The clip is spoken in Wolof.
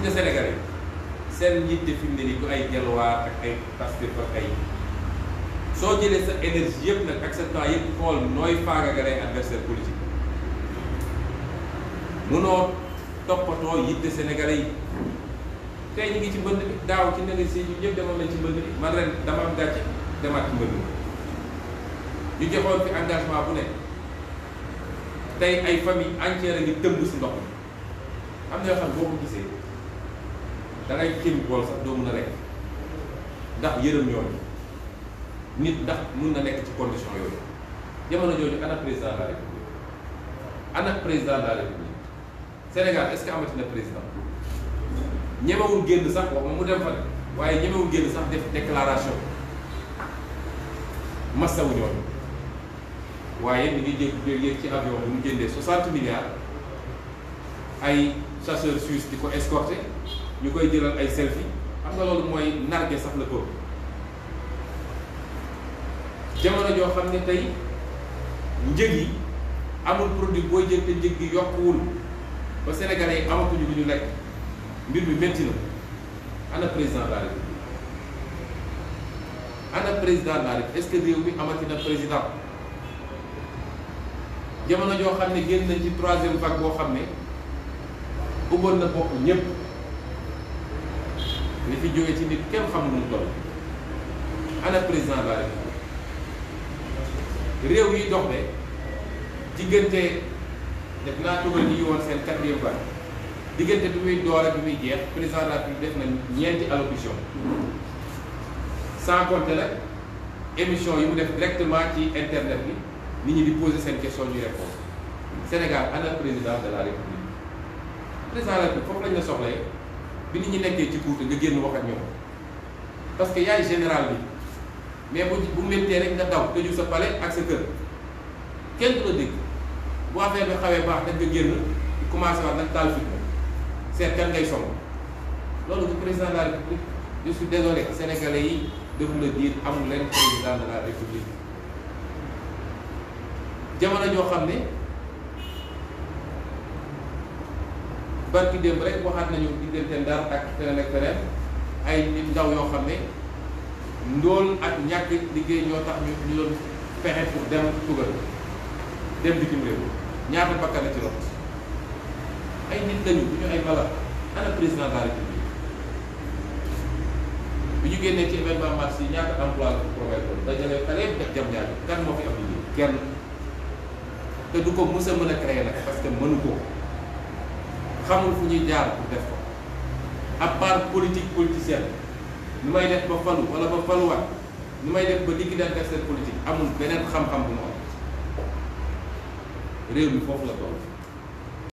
gis nga Sénégal yi seen yitte fi mu ne nii du ay jalwaar ak ay Pastef ak ay soo jëlee sa énergie yëpp nag ak sa temps yëpp xool nooy faagagalee adversaire politique munoo toppatoo yitte Sénégalais yi tey ñu ngi ci mbënd bi daaw ci ndege si ñu ñëpp demoon nañ ci mbënd bi man ren dama am gàcce demaat ci mbënd bi ñu joxoon fi engagement bu ne tey ay famille entière a ngi tëmb si ndox mi am na yoo xam boo ko gisee. da kii bool sax doo mën a lekk ndax yërëm ñooñu nit ndax mun na nekk ci condition yooyu jamono jooju ana président de la république ana président de la république Sénégal est-ce président ñemewul génn sax wax mu dem fa waaye ñemewul génn sax def déclaration massawu ñooñu waaye mi ngi jé yéeg ci avion bi mu jëndee 60 milliards ay. chasseur suisse di ko escorté ñu koy jëlal ay selfie am na loolu mooy narge sax la peuple jamono joo xam ne tey njëg yi amul produit booy jël te njëg gi yokkuwul ba sénégalais yi amatuñu lu ñu lekk mbir mi métti na ana président de la république ana président de la république est ce que réew mi amati na président jamono joo xam ne génn nañ ci troisième vague boo xam ne. bëggoon na bopp ñëpp li fi jógee ci nit kenn xam nu mu toll président de la république réew yi dox de diggante def naa tugal yi woon seen quatrième vague diggante bi muy door ak bi muy jeex président de la république def na ñeenti allocution sans compter nag émission yi mu def directement ci internet bi nit ñi di poser seen question ñu répondre Sénégal ana président de la république président la bi foofu lañ la soxlee bi nit ñi nekkee ci kuute nga génn wax ak ñoom parce que yaay général bi mais bu bu méttee rek nga daw tëju sa palais ak sa kër kenn du la dégg bu affaire xawee baax da nga génn commencé waat nag taal fitna seet kan ngay song loolu du président de la république je suis désolé yi defu la diir amul leen président de la république jamono joo xam ne barki démb rek waxaat nañu diggante Ndar ak feneen ak feneen ay nit ndaw yoo xam ne ndóol ak ñàkk liggéey ñoo tax ñu ñu doon fexe pour dem tugal dem bitim réew nit lañu ñu ay mala ana président de la bi ñu génnee ci événement mars yi ñaata emploi la promettre dajale taleeb def jam ñaari kan moo fi am liggéey kenn te du ko mës a mën a créer nag parce que mënu ko xamul fu ñuy jaar pour def ko à part politique politicienne nu may def ba falu wala ba faluwaat nu may def ba digg daal def amul beneen xam-xam bu ma réew mi foofu la toll.